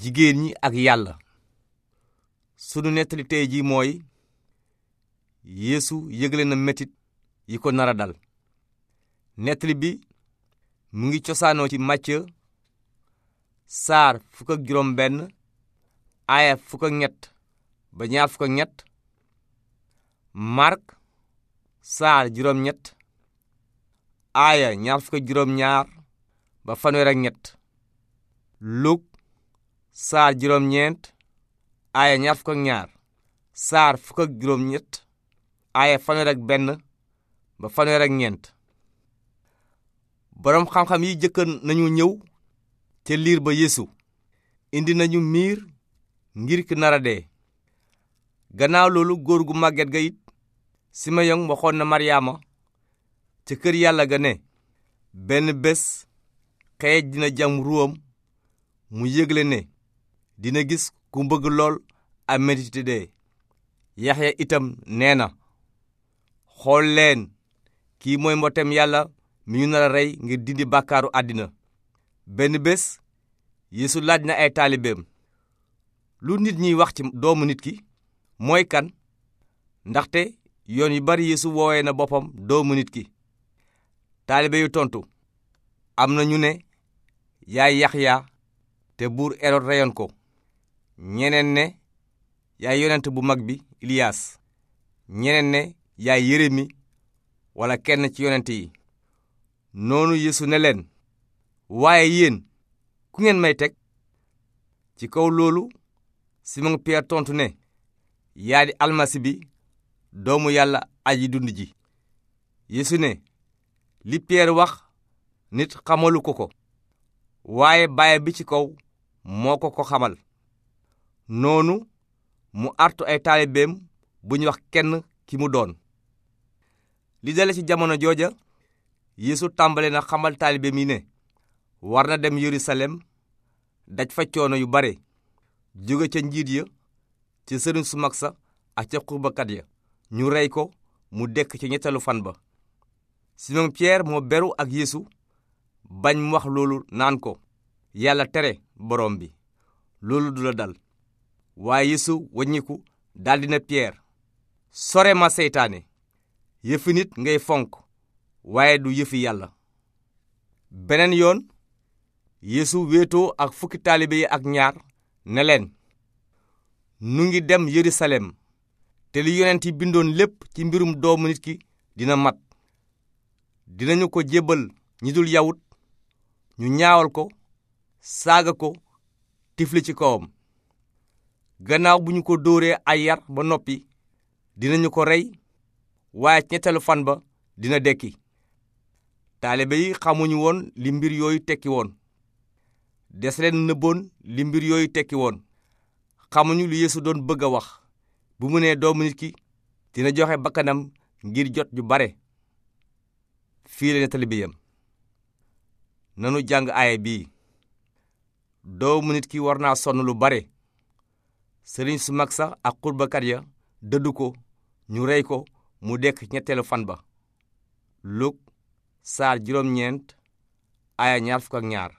jigéen ñi ak yàlla sunu nettali tey ji mooy yéesu yëgle na metit yi ko nara dal nettali bi mu ngi cosaanoo ci Macë saar fukk ak juróom benn aaya fukk ak ñett ba ñaar fukk ak ñett Mark saar juróom ñett aaya ñaar fukk ak juróom ñaar ba fanweer ak ñett Luk saar juróom ñeent aaya ñaar fukk ñaar saar fukk juróom ñett aaya fanweer ak benn ba fanweer ñeent boroom xamxam yi jëkk nañu ñëw ca liir ba yeesu indi nañu miir ngir ki nar a dee góor gu màgget ga it simeyon waxoon na maryaama ca kër yàlla ga benn bés xeej dina jam ruwam mu yégle ne dina gis ku mbëgg lool ab mettitu itam nee na xool leen kii mooy mbotem yàlla mi ñu nar a rey ngir dindi bàkkaaru àddina benn bés yeesu laaj na ay taalibeem lu nit ñiy wax ci doomu nit ki mooy kan ndaxte yoon yu bari yéesu woowee na boppam doomu nit ki taalibe yu tontu am na ñu ne yaay yaxya te buur erod reyoon ko ñeneen ne yaay yonent bu mag bi Iliyaas ñeneen ne yaay Yeremi wala kenn ci yonent yi noonu Yeesu ne leen waaye yéen ku ngeen may teg ci kaw loolu Simon Pierre tontu ne yaa di almasi bi doomu yàlla aji dund ji Yeesu ne li Pierre wax nit xamalu ko ko waaye baay bi ci kaw moo ko ko xamal noonu mu àrtu ay taalibeem bu ñu wax kenn ki mu doon li dale ci jamono jooja yéesu tàmbale na xamal taalibeem yi ne war na dem yerusalem daj fa yu bare jóge ca njiit ya ca sëriñ su mag sa ak ca xurbakat ya ñu rey ko mu dekk ci ñettalu fan ba Simon Pierre moo beru ak yéesu bañ mu wax loolu naan ko yàlla tere borom bi loolu du la dal waaye yeesu waññiku daldi na piyeer sore ma seytaane yëfi nit ngay fonk waaye du yëfi yàlla beneen yoon yéesu wéetoo ak fukki taalibe yi ak ñaar ne leen nu ngi dem yerusalem te li yonent yi bindoon lépp ci mbirum doomu nit ki dina mat dinañu ko jébbal ñi dul yawut ñu ñaawal ko saaga ko tifli ci kawam gannaaw bu ñu ko dóoree ay yar ba noppi dinañu ko rey waaye ñetteelu fan ba dina dekki taalibe yi xamuñu woon li mbir yooyu tekki woon des leen nëbboon li mbir yooyu tekki woon xamuñu lu yeesu doon bëgg a wax bu mu nee doomu nit ki dina joxe bakkanam ngir jot ju bare fii la nettali nanu jàng aaya bii doomu nit ki war naa sonn lu bare sëriñ su mag sax ak xutbakat ya dëdd ko ñu rey ko mu dekk ñetteelu fan ba luk saar juróom ñeent aaya ñaar fukk ak ñaar